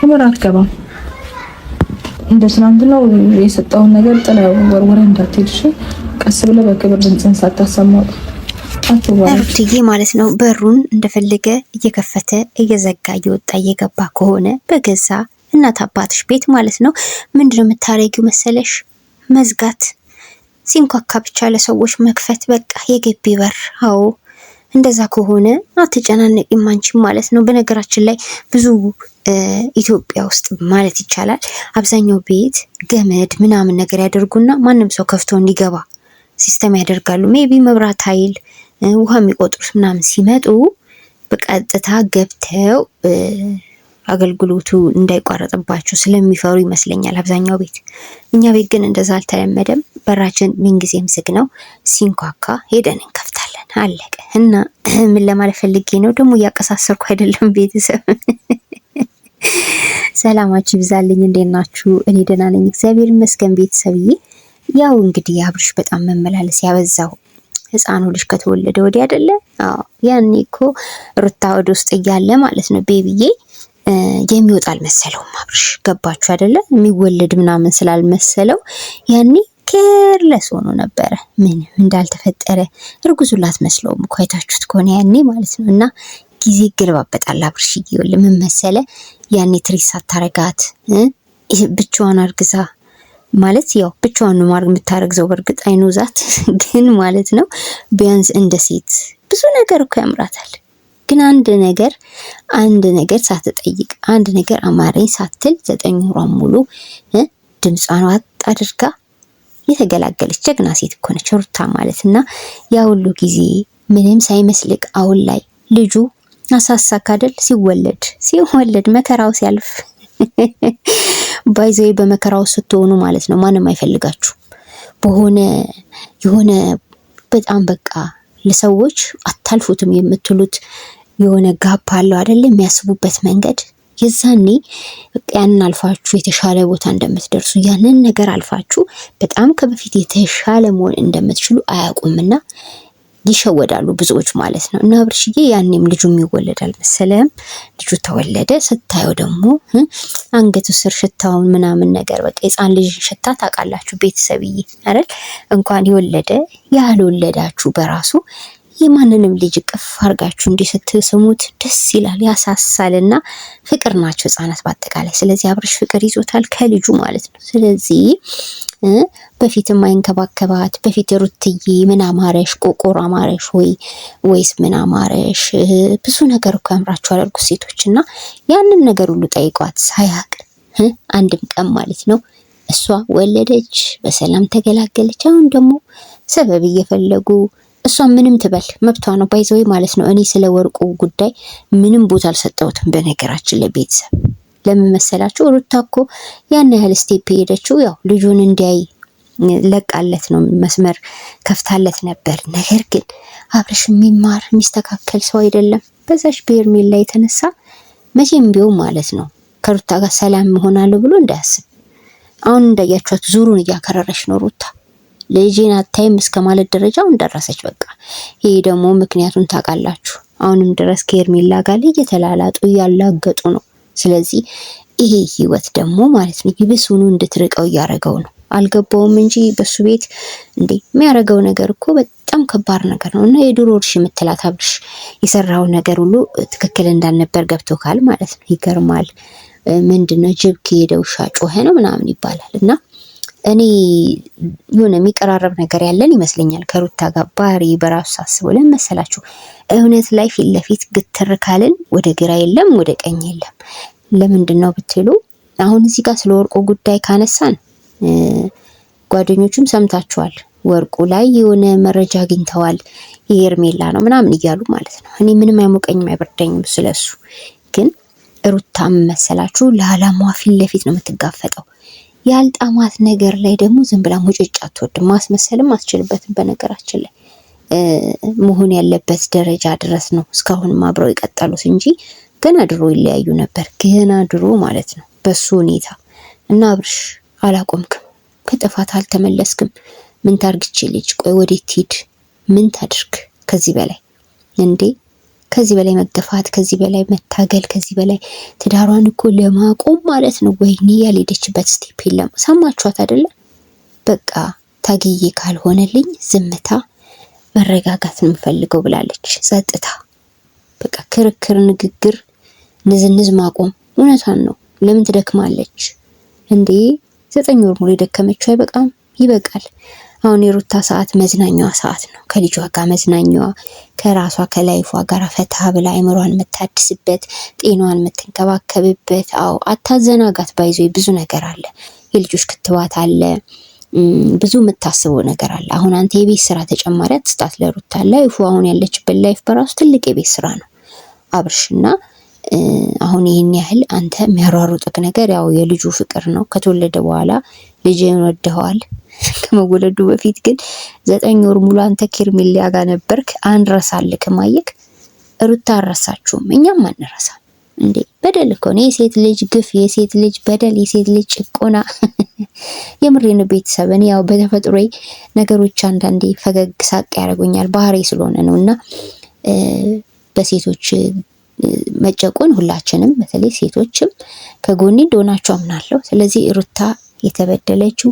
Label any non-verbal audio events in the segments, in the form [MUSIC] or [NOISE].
ክብር አትገባም። እንደ ትናንትናው የሰጠውን ነገር ጥለ ወርወረ እንዳትሄድሽ ቀስ ብለ በክብር ድምፅን ሳታሰማው እሩትዬ ማለት ነው። በሩን እንደፈለገ እየከፈተ እየዘጋ እየወጣ እየገባ ከሆነ በገዛ እናት አባትሽ ቤት ማለት ነው ምንድነው የምታረጊው መሰለሽ? መዝጋት ሲንኳካ ብቻ ለሰዎች መክፈት፣ በቃ የግቢ በር። አዎ እንደዛ ከሆነ አትጨናነቂም አንቺም ማለት ነው። በነገራችን ላይ ብዙ ኢትዮጵያ ውስጥ ማለት ይቻላል አብዛኛው ቤት ገመድ ምናምን ነገር ያደርጉና ማንም ሰው ከፍቶ እንዲገባ ሲስተም ያደርጋሉ። ሜቢ መብራት ኃይል ውሃ የሚቆጥሩት ምናምን ሲመጡ በቀጥታ ገብተው አገልግሎቱ እንዳይቋረጥባቸው ስለሚፈሩ ይመስለኛል አብዛኛው ቤት። እኛ ቤት ግን እንደዛ አልተለመደም። በራችን ምንጊዜም ዝግ ነው። ሲንኳካ ሄደን እንከፍታለን። አለቀ። እና [CLEARS THROAT] ምን ለማለት ፈልጌ ነው ደግሞ እያቀሳሰርኩ አይደለም ቤተሰብ [LAUGHS] ሰላማችሁ ይብዛልኝ። እንዴት ናችሁ? እኔ ደህና ነኝ እግዚአብሔር ይመስገን። ቤተሰብዬ ያው እንግዲህ አብርሽ በጣም መመላለስ ያበዛው ህፃኑ ልጅ ከተወለደ ወዲህ አይደለ? ያኔ እኮ ሩታ ወደ ውስጥ እያለ ማለት ነው ቤቢዬ የሚወጣ አልመሰለውም አብርሽ። ገባችሁ አይደለ? የሚወለድ ምናምን ስላልመሰለው ያኔ ኬርለስ ሆኖ ነበረ። ምንም እንዳልተፈጠረ እርጉዙላት መስለውም እኮ አይታችሁት ከሆነ ያኔ ማለት ነው እና ጊዜ ይገለባበጣል። አብርሽዬ ይኸውልህ ምን መሰለህ ያኔ ትሪት ሳታረጋት ብቻዋን አርግዛ ማለት ያው ብቻዋን ነው ማርግ የምታረግዘው በእርግጥ አይኑ ዛት [LAUGHS] ግን ማለት ነው ቢያንስ እንደ ሴት ብዙ ነገር እኮ ያምራታል። ግን አንድ ነገር አንድ ነገር ሳትጠይቅ አንድ ነገር አማረኝ ሳትል ዘጠኝ ወሯን ሙሉ ድምጿን ዋጥ አድርጋ የተገላገለች ጀግና ሴት እኮ ነች ሩታ ማለት እና ያ ሁሉ ጊዜ ምንም ሳይመስልቅ አሁን ላይ ልጁ አሳሳካ አይደል? ሲወለድ ሲወለድ መከራው ሲያልፍ ባይዘይ [LAUGHS] በመከራው ስትሆኑ ማለት ነው ማንም አይፈልጋችሁ። በሆነ የሆነ በጣም በቃ ለሰዎች አታልፉትም የምትሉት የሆነ ጋፕ አለው አይደል? የሚያስቡበት መንገድ የዛኔ ያንን አልፋችሁ የተሻለ ቦታ እንደምትደርሱ ያንን ነገር አልፋችሁ በጣም ከበፊት የተሻለ መሆን እንደምትችሉ አያውቁምና ይሸወዳሉ ብዙዎች ማለት ነው። እና አብርሽዬ ያኔም ልጁም ይወለዳል መሰለም ልጁ ተወለደ። ስታየው ደግሞ አንገቱ ስር ሽታውን ምናምን ነገር በቃ የህፃን ልጅ ሽታ ታውቃላችሁ ቤተሰብዬ አይደል? እንኳን የወለደ ያልወለዳችሁ በራሱ የማንንም ልጅ ቅፍ አርጋችሁ እንዲህ ስትስሙት ደስ ይላል፣ ያሳሳልና ፍቅር ናቸው ህጻናት በአጠቃላይ። ስለዚህ አብርሽ ፍቅር ይዞታል ከልጁ ማለት ነው። ስለዚህ በፊት የማይንከባከባት በፊት ሩትዬ ምን አማረሽ ቆቆር አማረሽ ወይ ወይስ ምን አማረሽ ብዙ ነገር እኮ ያምራችኋል አደርጉት ሴቶች እና ያንን ነገር ሁሉ ጠይቋት ሳያቅ አንድም ቀን ማለት ነው እሷ ወለደች በሰላም ተገላገለች አሁን ደግሞ ሰበብ እየፈለጉ እሷ ምንም ትበል መብቷ ነው። ባይዘወይ ማለት ነው። እኔ ስለ ወርቁ ጉዳይ ምንም ቦታ አልሰጠሁትም። በነገራችን ለቤተሰብ ለምን መሰላችሁ? ሩታ እኮ ያን ያህል ስቴፕ የሄደችው ያው ልጁን እንዲያይ ለቃለት ነው መስመር ከፍታለት ነበር። ነገር ግን አብረሽ የሚማር የሚስተካከል ሰው አይደለም። በዛች ላይ የተነሳ መቼም ቢሆን ማለት ነው ከሩታ ጋር ሰላም እሆናለሁ ብሎ እንዳያስብ አሁን እንዳያችኋት ዙሩን እያከረረች ነው ሩታ። ልጄን አታይም እስከ ማለት ደረጃውን ደረሰች። በቃ ይሄ ደግሞ ምክንያቱን ታውቃላችሁ። አሁንም ድረስ ከሄርሜላ ጋር እየተላላጡ እያላገጡ ነው። ስለዚህ ይሄ ህይወት ደግሞ ማለት ነው ይብሱኑ እንድትርቀው እያደረገው ነው። አልገባውም እንጂ በሱ ቤት እንዴ የሚያደርገው ነገር እኮ በጣም ከባድ ነገር ነው። እና የድሮ እርሽ የምትላት አብርሽ የሰራው ነገር ሁሉ ትክክል እንዳልነበር ገብቶካል ማለት ነው። ይገርማል። ምንድነው ጅብ ከሄደ ውሻ ጮኸ ነው ምናምን ይባላል እና እኔ የሆነ የሚቀራረብ ነገር ያለን ይመስለኛል ከሩታ ጋር ባህሪ በራሱ ሳስበው። ለምን መሰላችሁ? እውነት ላይ ፊት ለፊት ግትር ካልን ወደ ግራ የለም ወደ ቀኝ የለም። ለምንድን ነው ብትሉ አሁን እዚህ ጋር ስለ ወርቁ ጉዳይ ካነሳን ጓደኞቹም ሰምታችኋል። ወርቁ ላይ የሆነ መረጃ አግኝተዋል የሄርሜላ ነው ምናምን እያሉ ማለት ነው። እኔ ምንም አይሞቀኝም አይበርደኝም ስለሱ። ግን ሩታም መሰላችሁ ለአላማዋ ፊት ለፊት ነው የምትጋፈጠው። ያልጣማት ነገር ላይ ደግሞ ዝም ብላ ሙጭጭ አትወድም። ማስመሰልም አትችልበትም። በነገራችን ላይ መሆን ያለበት ደረጃ ድረስ ነው። እስካሁንም አብረው የቀጠሉት እንጂ ገና ድሮ ይለያዩ ነበር። ገና ድሮ ማለት ነው በሱ ሁኔታ እና አብርሽ አላቆምክም፣ ከጥፋት አልተመለስክም። ምን ታርግች ልጅ? ቆይ ወዴት ሂድ? ምን ታድርግ ከዚህ በላይ እንዴ? ከዚህ በላይ መገፋት፣ ከዚህ በላይ መታገል፣ ከዚህ በላይ ትዳሯን እኮ ለማቆም ማለት ነው። ወይኔ ያልሄደችበት ስቴፕ የለም። ሰማችኋት አይደለ? በቃ ታግዬ ካልሆነልኝ ዝምታ፣ መረጋጋት ነው የምፈልገው ብላለች። ጸጥታ፣ በቃ ክርክር፣ ንግግር፣ ንዝንዝ ማቆም። እውነቷን ነው። ለምን ትደክማለች እንዴ? ዘጠኝ ወር ሙሉ የደከመችው አይበቃም? ይበቃል። አሁን የሩታ ሰዓት መዝናኛዋ ሰዓት ነው። ከልጇ ጋር መዝናኛዋ፣ ከራሷ ከላይፏ ጋር ፈታ ብላ አይምሯን የምታድስበት፣ ጤናዋን የምትንከባከብበት። አዎ አታዘናጋት። ባይዞ ብዙ ነገር አለ። የልጆች ክትባት አለ። ብዙ የምታስበው ነገር አለ። አሁን አንተ የቤት ስራ ተጨማሪ አትስጣት ለሩታ። ላይፉ አሁን ያለችበት ላይፍ በራሱ ትልቅ የቤት ስራ ነው አብርሽና አሁን ይህን ያህል አንተ የሚያሯሩጥክ ነገር ያው የልጁ ፍቅር ነው። ከተወለደ በኋላ ልጅ ወደኸዋል [LAUGHS] ከመወለዱ በፊት ግን ዘጠኝ ወር ሙሉ አንተ ኬርሜላ ጋር ነበርክ። አንረሳልክም። አየክ ሩታ አረሳችሁም፣ እኛም አንረሳ እንዴ በደል እኮ ነው። የሴት ልጅ ግፍ፣ የሴት ልጅ በደል፣ የሴት ልጅ ጭቆና። [LAUGHS] የምሬን ቤተሰብ እኔ ያው በተፈጥሮ ነገሮች አንዳንዴ ፈገግ ሳቅ ያደርጉኛል ባህሪ ስለሆነ ነው እና በሴቶች መጨቆን ሁላችንም በተለይ ሴቶችም ከጎኔ እንደሆናችሁ አምናለሁ። ስለዚህ ሩታ የተበደለችው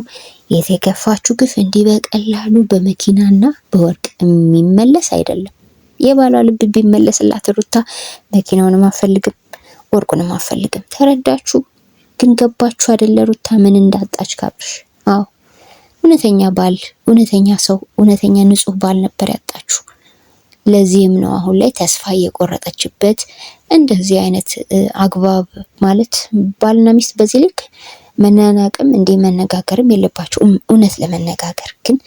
የተከፋችው ግፍ እንዲህ በቀላሉ በመኪናና በወርቅ የሚመለስ አይደለም። የባሏ ልብ ቢመለስላት ሩታ መኪናውንም አፈልግም ወርቁንም አፈልግም። ተረዳችሁ? ግን ገባችሁ አይደለ? ሩታ ምን እንዳጣች ካብርሽ። አዎ እውነተኛ ባል፣ እውነተኛ ሰው፣ እውነተኛ ንጹህ ባል ነበር ያጣችሁ። ለዚህም ነው አሁን ላይ ተስፋ እየቆረጠችበት እንደዚህ አይነት አግባብ ማለት ባልና ሚስት በዚህ ልክ መናናቅም እንዴ መነጋገርም የለባቸው። እውነት ለመነጋገር ግን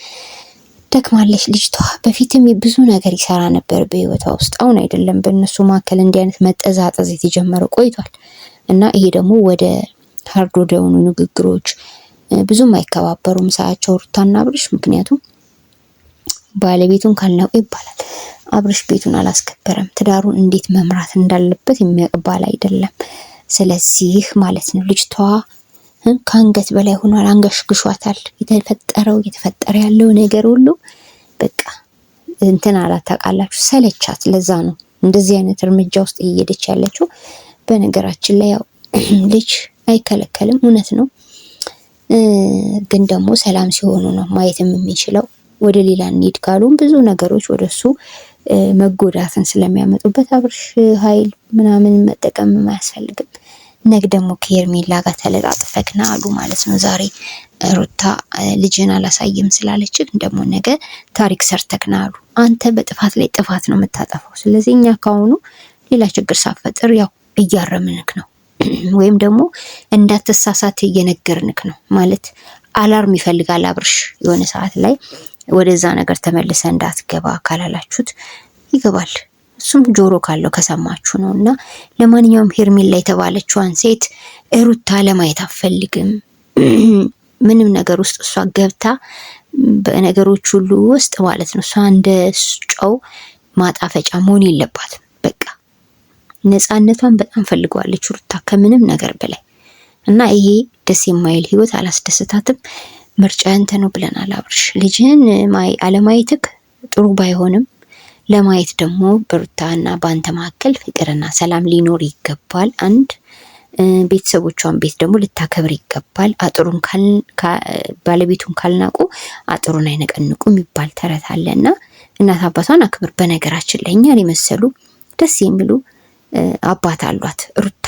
ደክማለች ልጅቷ። በፊትም ብዙ ነገር ይሰራ ነበር በህይወቷ ውስጥ። አሁን አይደለም በእነሱ መካከል እንዲህ አይነት መጠዛጠዝ የተጀመረ ቆይቷል እና ይሄ ደግሞ ወደ ሀርዶ ወደ ንግግሮች ብዙም አይከባበሩም ሰዓቸው ሩታና አብርሽ። ምክንያቱም ባለቤቱን ካልናቁ ይባላል። አብርሽ ቤቱን አላስከበረም። ትዳሩን እንዴት መምራት እንዳለበት የሚያውቅ ባል አይደለም። ስለዚህ ማለት ነው ልጅቷ ከአንገት በላይ ሆኗል። አንገሽግሿታል። የተፈጠረው እየተፈጠረ ያለው ነገር ሁሉ በቃ እንትን አላታቃላችሁ፣ ታውቃላችሁ፣ ሰለቻት። ለዛ ነው እንደዚህ አይነት እርምጃ ውስጥ እየሄደች ያለችው። በነገራችን ላይ ያው [CLEARS THROAT] ልጅ አይከለከልም፣ እውነት ነው። ግን ደግሞ ሰላም ሲሆኑ ነው ማየትም የሚችለው። ወደ ሌላ እንሂድ ካሉም ብዙ ነገሮች ወደሱ መጎዳትን ስለሚያመጡበት አብርሽ ኃይል ምናምን መጠቀም አያስፈልግም። ነገ ደግሞ ከሄርሜላ ጋር ተለጣጥፈክና አሉ ማለት ነው። ዛሬ ሩታ ልጅን አላሳይም ስላለች ደግሞ ነገ ታሪክ ሰርተክና አሉ። አንተ በጥፋት ላይ ጥፋት ነው የምታጠፋው። ስለዚህ እኛ ካሁኑ ሌላ ችግር ሳፈጥር ያው እያረምንክ ነው [CLEARS THROAT] ወይም ደግሞ እንዳትሳሳት እየነገርንክ ነው ማለት አላርም ይፈልጋል አብርሽ የሆነ ሰዓት ላይ ወደዛ ነገር ተመልሰ እንዳትገባ ካላላችሁት ይገባል። እሱም ጆሮ ካለው ከሰማችሁ ነው። እና ለማንኛውም ሄርሜላ የተባለችዋን ሴት ሩታ ለማየት አፈልግም። [CLEARS THROAT] ምንም ነገር ውስጥ እሷ ገብታ በነገሮች ሁሉ ውስጥ ማለት ነው። እሷ እንደ ጨው ማጣፈጫ መሆን የለባትም። በቃ ነፃነቷን በጣም ፈልገዋለች ሩታ ከምንም ነገር በላይ እና ይሄ ደስ የማይል ህይወት አላስደስታትም። ምርጫ ያንተ ነው ብለናል አብርሽ። ልጅህን አለማየትክ ጥሩ ባይሆንም ለማየት ደግሞ በሩታና በአንተ መካከል ፍቅርና ሰላም ሊኖር ይገባል። አንድ ቤተሰቦቿን ቤት ደግሞ ልታከብር ይገባል። አጥሩን ባለቤቱን ካልናቁ አጥሩን አይነቀንቁ የሚባል ተረት እና እናት አባቷን አክብር። በነገራችን ላይ እኛን የመሰሉ ደስ የሚሉ አባት አሏት ሩታ፣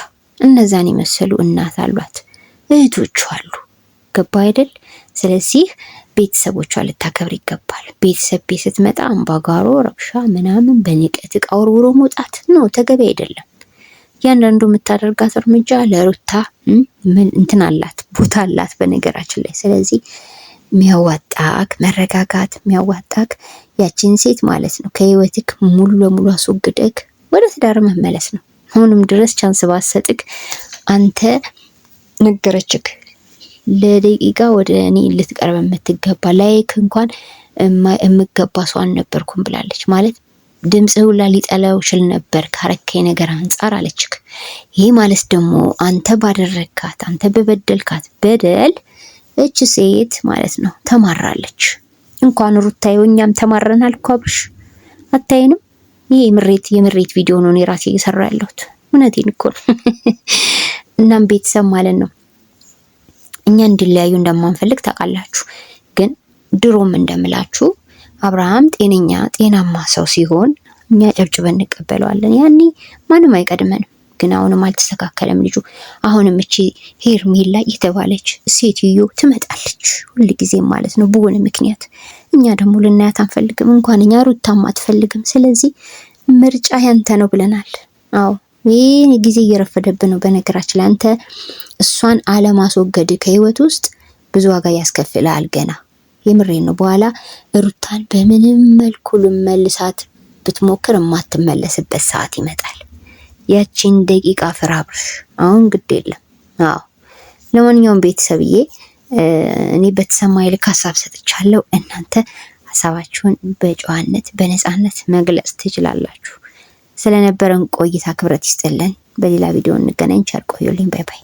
እነዛን የመሰሉ እናት አሏት፣ እህቶቹ አሉ። ገባ አይደል? ስለዚህ ቤተሰቦቿ ልታከብር ይገባል። ቤተሰብ ቤት ስትመጣ አምባጓሮ፣ ረብሻ ምናምን በንቀት እቃ ወርውሮ መውጣት ነው ተገቢ አይደለም። እያንዳንዱ የምታደርጋት እርምጃ ለሩታ እንትን አላት ቦታ አላት በነገራችን ላይ ስለዚህ ሚያዋጣክ መረጋጋት ሚያዋጣክ ያችን ሴት ማለት ነው ከህይወትክ ሙሉ ለሙሉ አስወግደክ ወደ ትዳር መመለስ ነው። አሁንም ድረስ ቻንስ ባሰጥክ አንተ ነገረችክ ለደቂቃ ወደ እኔ ልትቀርብ የምትገባ ላይክ እንኳን የምገባ ሰው አልነበርኩም ብላለች። ማለት ድምፅ ሁላ ሊጠላው ችል ነበር ካረከኝ ነገር አንጻር አለችክ። ይህ ማለት ደግሞ አንተ ባደረግካት፣ አንተ በበደልካት በደል እች ሴት ማለት ነው ተማራለች። እንኳን ሩታዬ እኛም ተማረናል እኮ አታይንም? ይሄ የምሬት የምሬት ቪዲዮ ነው እኔ ራሴ እየሰራ ያለሁት እውነቴን እኮ ነው። [LAUGHS] እናም ቤተሰብ ማለት ነው እኛ እንዲለያዩ እንደማንፈልግ ታውቃላችሁ። ግን ድሮም እንደምላችሁ አብርሃም ጤነኛ ጤናማ ሰው ሲሆን እኛ ጨብጭበን እንቀበለዋለን። ያኔ ማንም አይቀድመንም። ግን አሁንም አልተስተካከለም ልጁ። አሁንም እቺ ሄርሜላ የተባለች ሴትዮ ትመጣለች ጊዜ ማለት ነው በሆነ ምክንያት። እኛ ደግሞ ልናያት አንፈልግም። እንኳን እኛ ሩታም አትፈልግም። ስለዚህ ምርጫ ያንተ ነው ብለናል። አዎ ይህ ጊዜ እየረፈደብን ነው። በነገራችን ላይ አንተ እሷን አለማስወገድ ከህይወት ውስጥ ብዙ ዋጋ ያስከፍላል። ገና የምሬን ነው። በኋላ ሩታን በምንም መልኩ ልመልሳት ብትሞክር የማትመለስበት ሰዓት ይመጣል። ያቺን ደቂቃ ፍራብርሽ አሁን ግድ የለም። አዎ ለማንኛውም ቤተሰብዬ እኔ በተሰማ ይልክ ሀሳብ ሰጥቻለሁ። እናንተ ሀሳባችሁን በጨዋነት በነፃነት መግለጽ ትችላላችሁ። ስለነበረን ቆይታ ክብረት ይስጥልን። በሌላ ቪዲዮ እንገናኝ። ቸር ቆዩልኝ። ባይ ባይ።